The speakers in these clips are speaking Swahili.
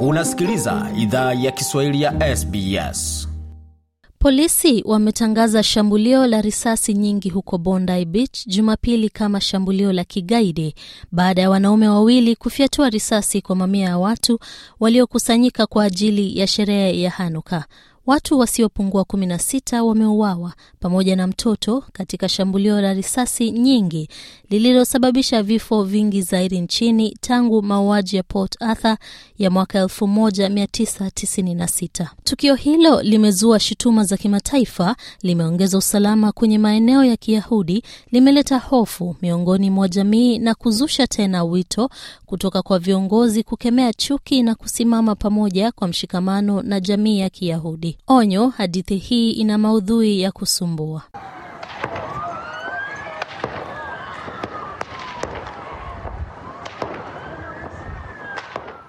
Unasikiliza idhaa ya Kiswahili ya SBS. Polisi wametangaza shambulio la risasi nyingi huko Bondi Beach Jumapili kama shambulio la kigaidi baada ya wanaume wawili kufyatua risasi kwa mamia ya watu waliokusanyika kwa ajili ya sherehe ya Hanuka. Watu wasiopungua 16 wameuawa pamoja na mtoto katika shambulio la risasi nyingi lililosababisha vifo vingi zaidi nchini tangu mauaji ya Port Arthur ya mwaka 1996. Tukio hilo limezua shutuma za kimataifa, limeongeza usalama kwenye maeneo ya Kiyahudi, limeleta hofu miongoni mwa jamii na kuzusha tena wito kutoka kwa viongozi kukemea chuki na kusimama pamoja kwa mshikamano na jamii ya Kiyahudi. Onyo, hadithi hii ina maudhui ya kusumbua.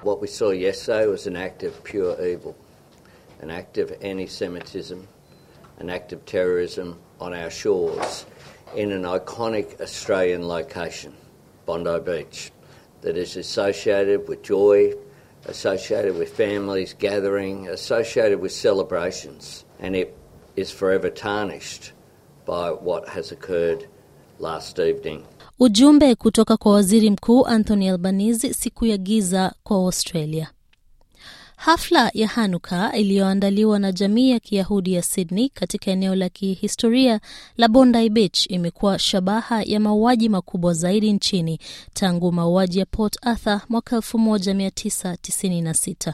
What we saw yesterday was an act of pure evil, an act of anti-Semitism, an act of terrorism on our shores in an iconic Australian location, Bondi Beach, that is associated with joy, associated with families, gathering, associated with celebrations, and it is forever tarnished by what has occurred last evening. Ujumbe kutoka kwa Waziri Mkuu Anthony Albanese siku ya giza kwa Australia. Hafla ya Hanuka iliyoandaliwa na jamii ya Kiyahudi ya Sydney katika eneo la kihistoria la Bondi Beach imekuwa shabaha ya mauaji makubwa zaidi nchini tangu mauaji ya Port Arthur mwaka 1996.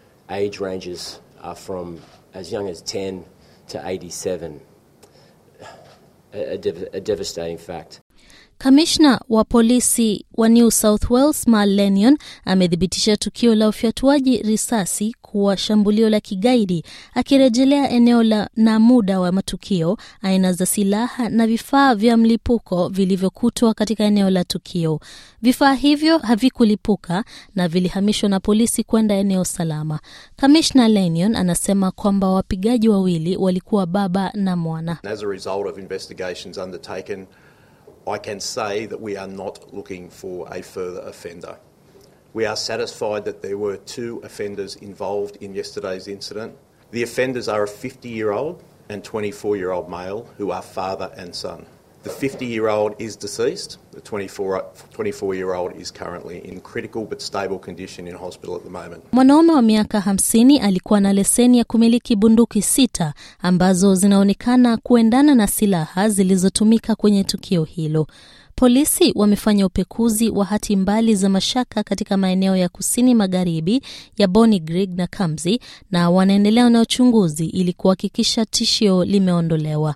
age ranges are from as young as 10 to 87. A, a, dev- a devastating fact. Kamishna wa polisi wa New South Wales Lenion amethibitisha tukio la ufyatuaji risasi kuwa shambulio la kigaidi, akirejelea eneo la na muda wa matukio, aina za silaha na vifaa vya mlipuko vilivyokutwa katika eneo la tukio. Vifaa hivyo havikulipuka na vilihamishwa na polisi kwenda eneo salama. Kamishna Lenion anasema kwamba wapigaji wawili walikuwa baba na mwana. I can say that we are not looking for a further offender. We are satisfied that there were two offenders involved in yesterday's incident. The offenders are a 50 year old and 24 year old male who are father and son. The 50 year old is deceased. The 24, year old is currently in critical but stable condition in hospital at the moment. Mwanaume wa miaka 50 alikuwa na leseni ya kumiliki bunduki sita ambazo zinaonekana kuendana na silaha zilizotumika kwenye tukio hilo. Polisi wamefanya upekuzi wa hati mbali za mashaka katika maeneo ya kusini magharibi ya Boni Grig na Kamzi na wanaendelea na uchunguzi ili kuhakikisha tishio limeondolewa.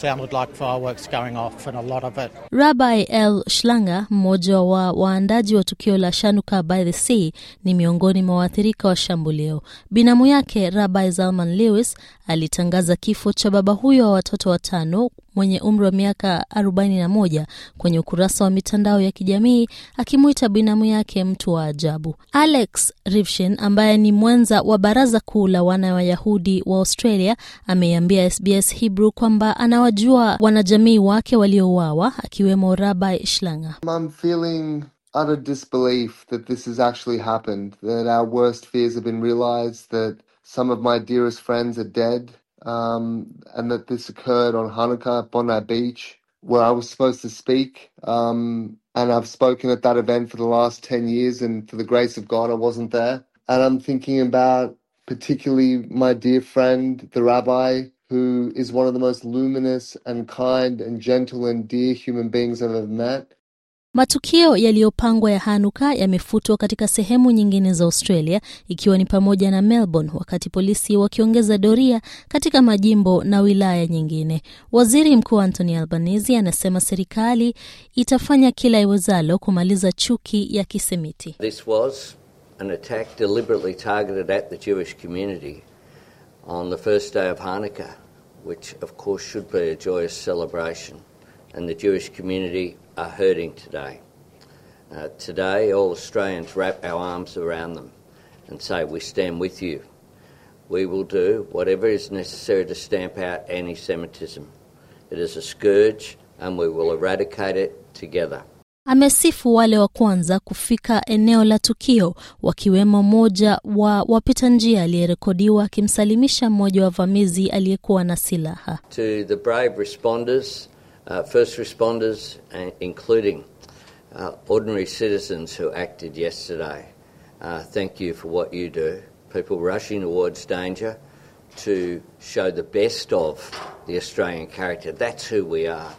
sounded like fireworks going off and a lot of it. Rabbi L. Shlanga, mmoja wa waandaji wa tukio la Shanuka by the Sea, ni miongoni mwa waathirika wa shambulio. Binamu yake Rabbi Zalman Lewis alitangaza kifo cha baba huyo wa watoto watano mwenye umri wa miaka 41 kwenye ukurasa wa mitandao ya kijamii akimwita binamu yake mtu wa ajabu. Alex Rivshin ambaye ni mwenza wa baraza kuu la wana Wayahudi wa Australia ameiambia SBS Hebrew kwamba anawajua wanajamii wake waliouawa akiwemo Rabbi Shlanga. I'm feeling utter disbelief that this has actually happened, that our worst fears have been realized, that some of my dearest friends are dead. um, and that this occurred on Hanukkah at Bondi Beach, where I was supposed to speak. Um, and I've spoken at that event for the last 10 years, and for the grace of God, I wasn't there. And I'm thinking about particularly my dear friend, the rabbi, who is one of the most luminous and kind and gentle and dear human beings I've ever met. Matukio yaliyopangwa ya Hanuka yamefutwa katika sehemu nyingine za Australia ikiwa ni pamoja na Melbourne, wakati polisi wakiongeza doria katika majimbo na wilaya nyingine. Waziri Mkuu Anthony Albanese anasema serikali itafanya kila iwezalo kumaliza chuki ya kisemiti. This was an attack deliberately targeted at the Jewish community on the first day of Hanukkah, which of course should be a joyous celebration and the Jewish community are hurting today. Uh, today, all Australians wrap our arms around them and say, We stand with you. We will do whatever is necessary to stamp out anti Semitism. It is a scourge and we will eradicate it together. Amesifu wale wa kwanza kufika eneo la tukio, wakiwemo mmoja wa wapita njia aliyerekodiwa akimsalimisha mmoja wa vamizi aliyekuwa na silaha. To the brave responders, uh, first responders, uh, including uh, ordinary citizens who acted yesterday. Uh, thank you for what you do. People rushing towards danger to show the best of the Australian character. That's who we are.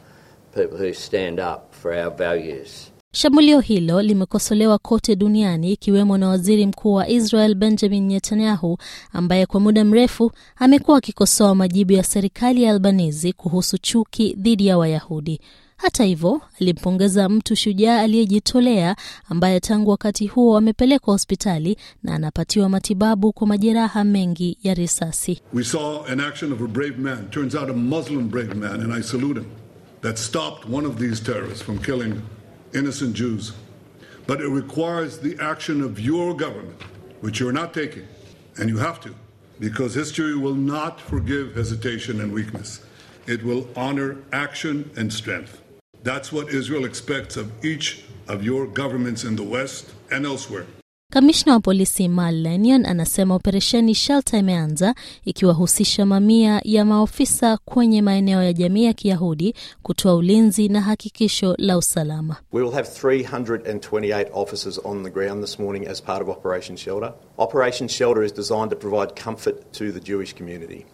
People who stand up for our values. Shambulio hilo limekosolewa kote duniani ikiwemo na waziri mkuu wa Israel Benjamin Netanyahu ambaye kwa muda mrefu amekuwa akikosoa majibu ya serikali ya albanizi kuhusu chuki dhidi ya Wayahudi. Hata hivyo, alimpongeza mtu shujaa aliyejitolea ambaye tangu wakati huo amepelekwa hospitali na anapatiwa matibabu kwa majeraha mengi ya risasi. We saw an action of a brave man, turns out a Muslim brave man, and I salute him, that stopped one of these terrorists from killing innocent Jews. But it requires the action of your government, which you're not taking, and you have to, because history will not forgive hesitation and weakness. It will honor action and strength. That's what Israel expects of each of your governments in the West and elsewhere. Kamishna wa polisi Mal Lanyon anasema operesheni Shelter imeanza ikiwahusisha mamia ya maofisa kwenye maeneo ya jamii ya Kiyahudi kutoa ulinzi na hakikisho la usalama. We will have 328 officers on the ground this morning as part of Operation Shelter. Operation Shelter is designed to provide comfort to the Jewish community.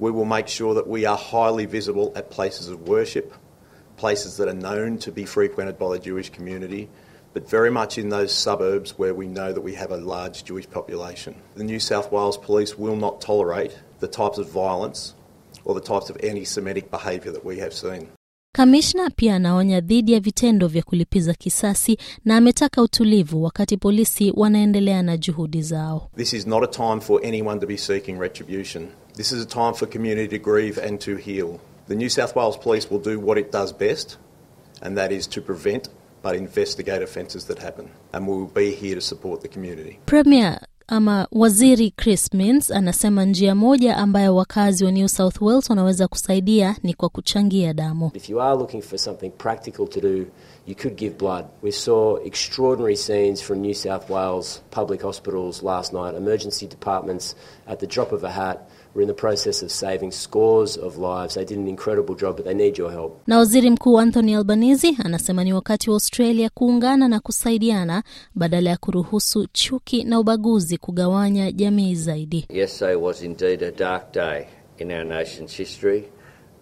We will make sure that we are highly visible at places of worship, places that are known to be frequented by the Jewish community. but very much in those suburbs where we know that we have a large Jewish population. The New South Wales Police will not tolerate the types of violence or the types of anti-Semitic behaviour that we have seen. Kamishna pia anaonya dhidi ya vitendo vya kulipiza kisasi na ametaka utulivu wakati polisi wanaendelea na juhudi zao. This is not a time for anyone to be seeking retribution. This is a time for community to grieve and to heal. The New South Wales Police will do what it does best, and that is to prevent but investigate offences that happen and we will be here to support the community. Premier ama waziri Chris mins anasema njia moja ambayo wakazi wa New South Wales wanaweza kusaidia ni kwa kuchangia damu. If you are looking for something practical to do, you could give blood. We saw extraordinary scenes from New South Wales public hospitals last night, emergency departments at the drop of a hat process of of saving scores lives they they did an incredible job your help Na waziri mkuu Anthony Albanese anasema ni wakati wa Australia kuungana na kusaidiana badala ya kuruhusu chuki na ubaguzi kugawanya jamii zaidi. was indeed a a dark day in our nations history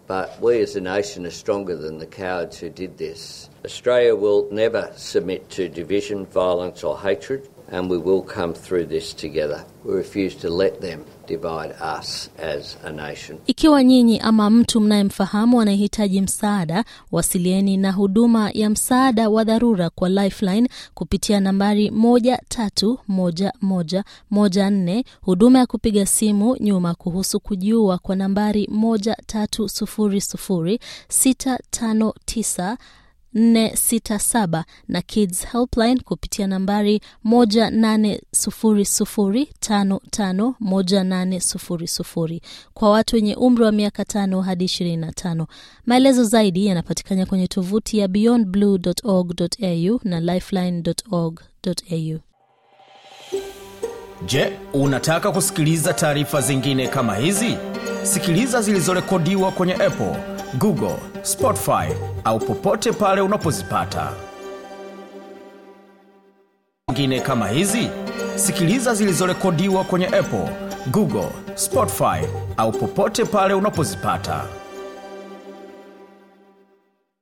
but we as nation are stronger than the cowards who did this australia will never submit to division violence or hatred And we will come through this together. We refuse to let them divide us as a nation. Ikiwa nyinyi ama mtu mnayemfahamu anayehitaji msaada, wasilieni na huduma ya msaada wa dharura kwa Lifeline kupitia nambari 131114, huduma ya kupiga simu nyuma kuhusu kujiua kwa nambari 13006596 467 na Kids Helpline kupitia nambari 1800551800 kwa watu wenye umri wa miaka tano hadi 25. Maelezo zaidi yanapatikana kwenye tovuti ya beyondblue.org.au na lifeline.org.au. Je, unataka kusikiliza taarifa zingine kama hizi? Sikiliza zilizorekodiwa kwenye Apple Google, Spotify au popote pale unapozipata. ngine kama hizi, sikiliza zilizorekodiwa kwenye Apple, Google, Spotify au popote pale unapozipata.